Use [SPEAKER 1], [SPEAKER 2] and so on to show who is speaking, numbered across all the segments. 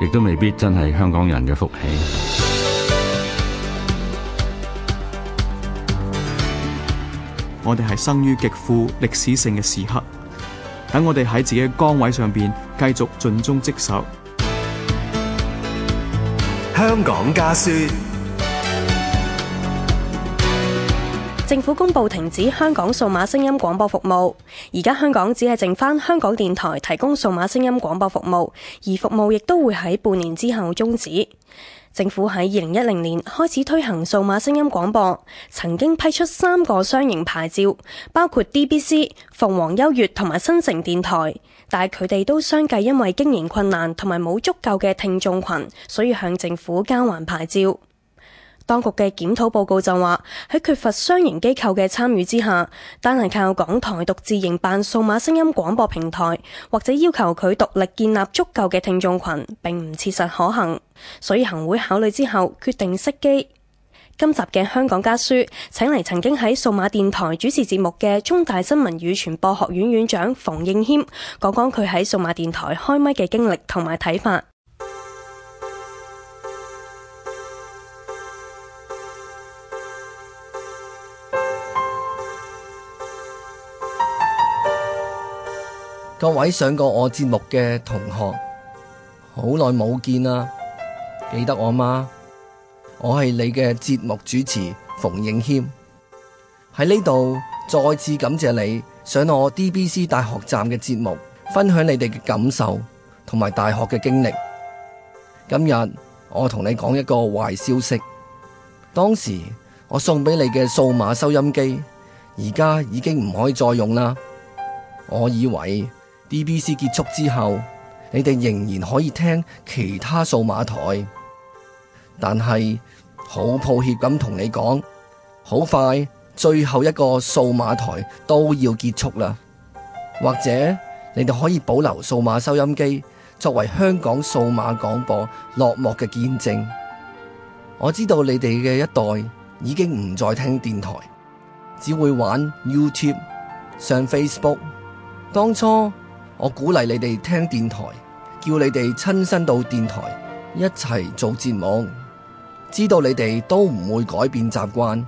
[SPEAKER 1] 亦都未必真係香港人嘅福氣。我哋係生於極富歷史性嘅時刻，等我哋喺自己嘅崗位上邊繼續盡忠職守。香港家書。
[SPEAKER 2] 政府公布停止香港數碼聲音廣播服務，而家香港只係剩翻香港電台提供數碼聲音廣播服務，而服務亦都會喺半年之後終止。政府喺二零一零年開始推行數碼聲音廣播，曾經批出三個雙型牌照，包括 DBC、鳳凰優悅同埋新城電台，但係佢哋都相繼因為經營困難同埋冇足夠嘅聽眾群，所以向政府交還牌照。當局嘅檢討報告就話，喺缺乏商營機構嘅參與之下，單係靠港台獨自營辦數碼聲音廣播平台，或者要求佢獨立建立足夠嘅聽眾群，並唔切實可行。所以行會考慮之後，決定熄機。今集嘅香港家書，請嚟，曾經喺數碼電台主持節目嘅中大新聞與傳播學院院長馮應謙，講講佢喺數碼電台開咪嘅經歷同埋睇法。
[SPEAKER 1] 各位上過我節目嘅同學，好耐冇見啦！記得我嗎？我係你嘅節目主持馮應謙，喺呢度，再次感謝你上我 DBC 大學站嘅節目，分享你哋嘅感受同埋大學嘅經歷。今日我同你講一個壞消息，當時我送俾你嘅數碼收音機，而家已經唔可以再用啦。我以為。DBC 結束之後，你哋仍然可以聽其他數碼台，但係好抱歉咁同你講，好快最後一個數碼台都要結束啦。或者你哋可以保留數碼收音機，作為香港數碼廣播落幕嘅見證。我知道你哋嘅一代已經唔再聽電台，只會玩 YouTube、上 Facebook。當初。我鼓勵你哋聽電台，叫你哋親身到電台一齊做節目，知道你哋都唔會改變習慣，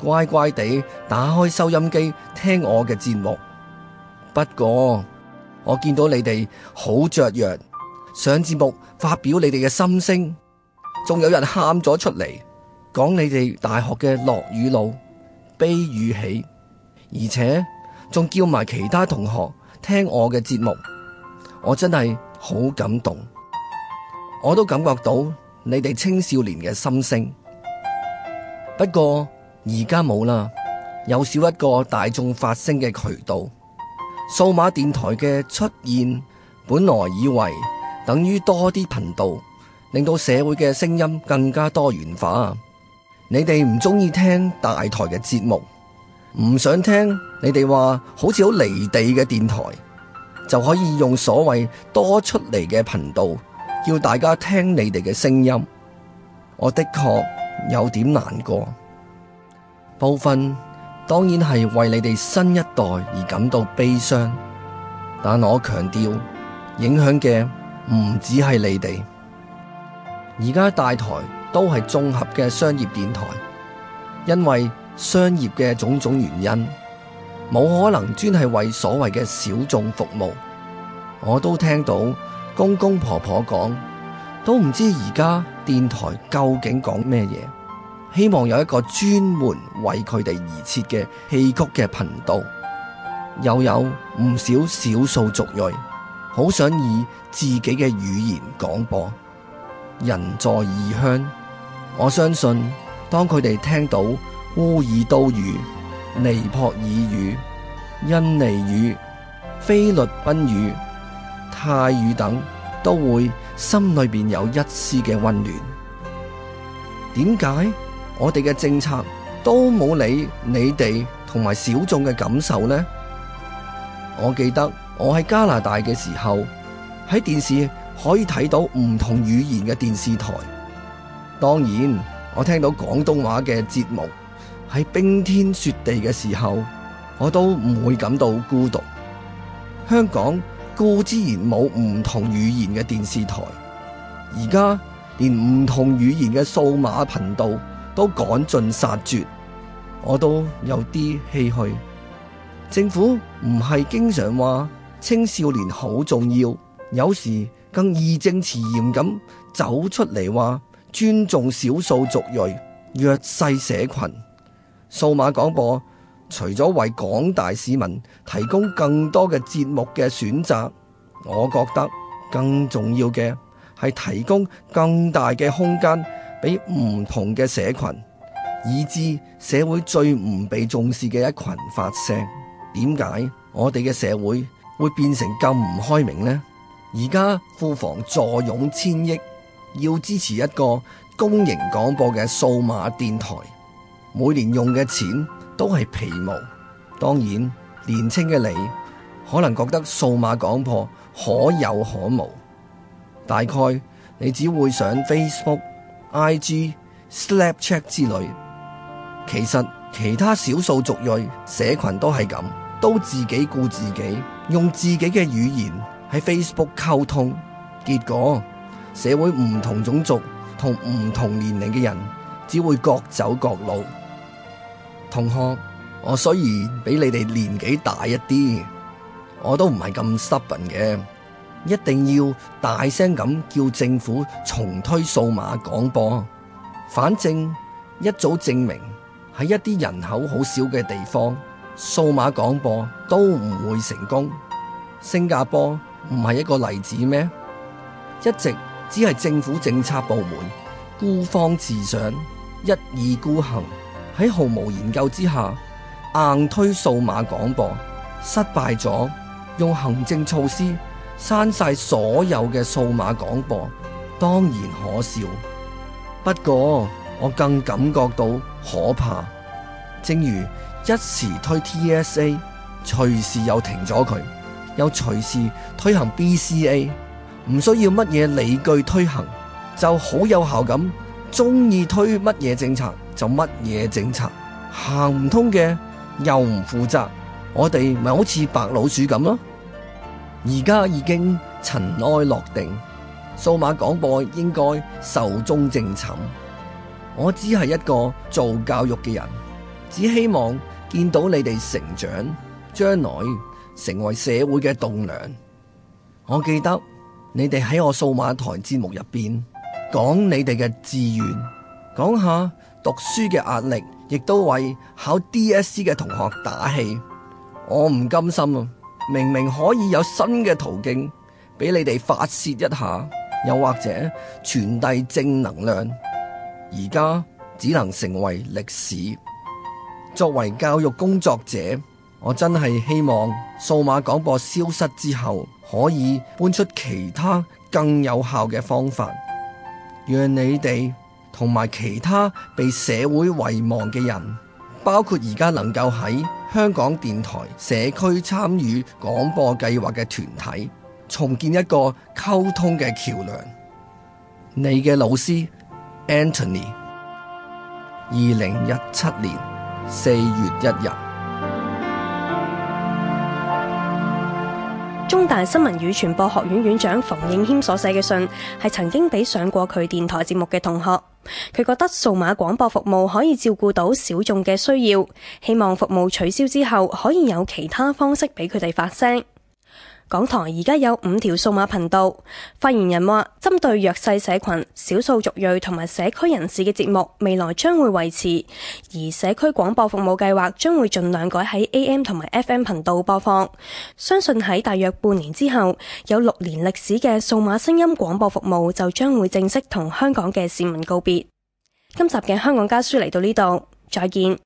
[SPEAKER 1] 乖乖地打開收音機聽我嘅節目。不過我見到你哋好雀躍，上節目發表你哋嘅心聲，仲有人喊咗出嚟講你哋大學嘅樂與怒、悲與喜，而且仲叫埋其他同學。聽我嘅節目，我真係好感動，我都感覺到你哋青少年嘅心聲。不過而家冇啦，有少一個大眾發聲嘅渠道。數碼電台嘅出現，本來以為等於多啲頻道，令到社會嘅聲音更加多元化。你哋唔中意聽大台嘅節目，唔想聽。你哋話好似好離地嘅電台，就可以用所謂多出嚟嘅頻道，叫大家聽你哋嘅聲音。我的確有點難過，部分當然係為你哋新一代而感到悲傷，但我強調，影響嘅唔止係你哋。而家大台都係綜合嘅商業電台，因為商業嘅種種原因。冇可能專係為所謂嘅小眾服務，我都聽到公公婆婆講，都唔知而家電台究竟講咩嘢。希望有一個專門為佢哋而設嘅戲曲嘅頻道，又有唔少少數族裔，好想以自己嘅語言廣播。人在異鄉，我相信當佢哋聽到烏爾都語。尼泊爾語、印尼語、菲律賓語、泰語等都會心裏面有一絲嘅溫暖。點解我哋嘅政策都冇理你哋同埋小眾嘅感受呢？我記得我喺加拿大嘅時候，喺電視可以睇到唔同語言嘅電視台，當然我聽到廣東話嘅節目。喺冰天雪地嘅時候，我都唔會感到孤獨。香港固之然冇唔同語言嘅電視台，而家連唔同語言嘅數碼頻道都趕盡殺絕，我都有啲唏噓。政府唔係經常話青少年好重要，有時更義正詞嚴咁走出嚟話尊重少數族裔、弱勢社群。數碼廣播除咗為廣大市民提供更多嘅節目嘅選擇，我覺得更重要嘅係提供更大嘅空間俾唔同嘅社群，以致社會最唔被重視嘅一群發聲。點解我哋嘅社會會變成咁唔開明呢？而家庫房坐擁千億，要支持一個公營廣播嘅數碼電台。每年用嘅錢都係皮毛，當然年輕嘅你可能覺得數碼廣播可有可無，大概你只會上 Facebook、IG、Snapchat 之類。其實其他少數族裔社群都係咁，都自己顧自己，用自己嘅語言喺 Facebook 溝通，結果社會唔同種族同唔同年齡嘅人。只會各走各路，同學，我雖然比你哋年紀大一啲，我都唔係咁 stubborn 嘅。一定要大聲咁叫政府重推數碼廣播。反正一早證明喺一啲人口好少嘅地方，數碼廣播都唔會成功。新加坡唔係一個例子咩？一直只係政府政策部門孤芳自賞。一意孤行，喺毫無研究之下硬推數碼廣播，失敗咗，用行政措施刪晒所有嘅數碼廣播，當然可笑。不過我更感覺到可怕，正如一時推 TSA，隨時又停咗佢，又隨時推行 BCA，唔需要乜嘢理據推行，就好有效噉。鍾意推乜嘢政策就乜嘢政策，行唔通嘅又唔負責，我哋咪好似白老鼠咁咯。而家已經塵埃落定，數碼廣播應該壽終正寢。我只係一個做教育嘅人，只希望見到你哋成長，將來成為社會嘅棟樑。我記得你哋喺我數碼台節目入邊。講你哋嘅志願，講下讀書嘅壓力，亦都為考 DSC 嘅同學打氣。我唔甘心啊！明明可以有新嘅途徑俾你哋發洩一下，又或者傳遞正能量，而家只能成為歷史。作為教育工作者，我真係希望數碼廣播消失之後，可以搬出其他更有效嘅方法。讓你哋同埋其他被社會遺忘嘅人，包括而家能夠喺香港電台社區參與廣播計劃嘅團體，重建一個溝通嘅橋梁。你嘅老師，Anthony，二零一七年四月一日。
[SPEAKER 2] 中大新聞與傳播學院院長馮應謙所寫嘅信，係曾經俾上過佢電台節目嘅同學，佢覺得數碼廣播服務可以照顧到小眾嘅需要，希望服務取消之後可以有其他方式俾佢哋發聲。港台而家有五條數碼頻道，發言人話：針對弱勢社群、少數族裔同埋社區人士嘅節目，未來將會維持；而社區廣播服務計劃將會盡量改喺 AM 同埋 FM 頻道播放。相信喺大約半年之後，有六年歷史嘅數碼聲音廣播服務就將會正式同香港嘅市民告別。今集嘅香港家書嚟到呢度，再見。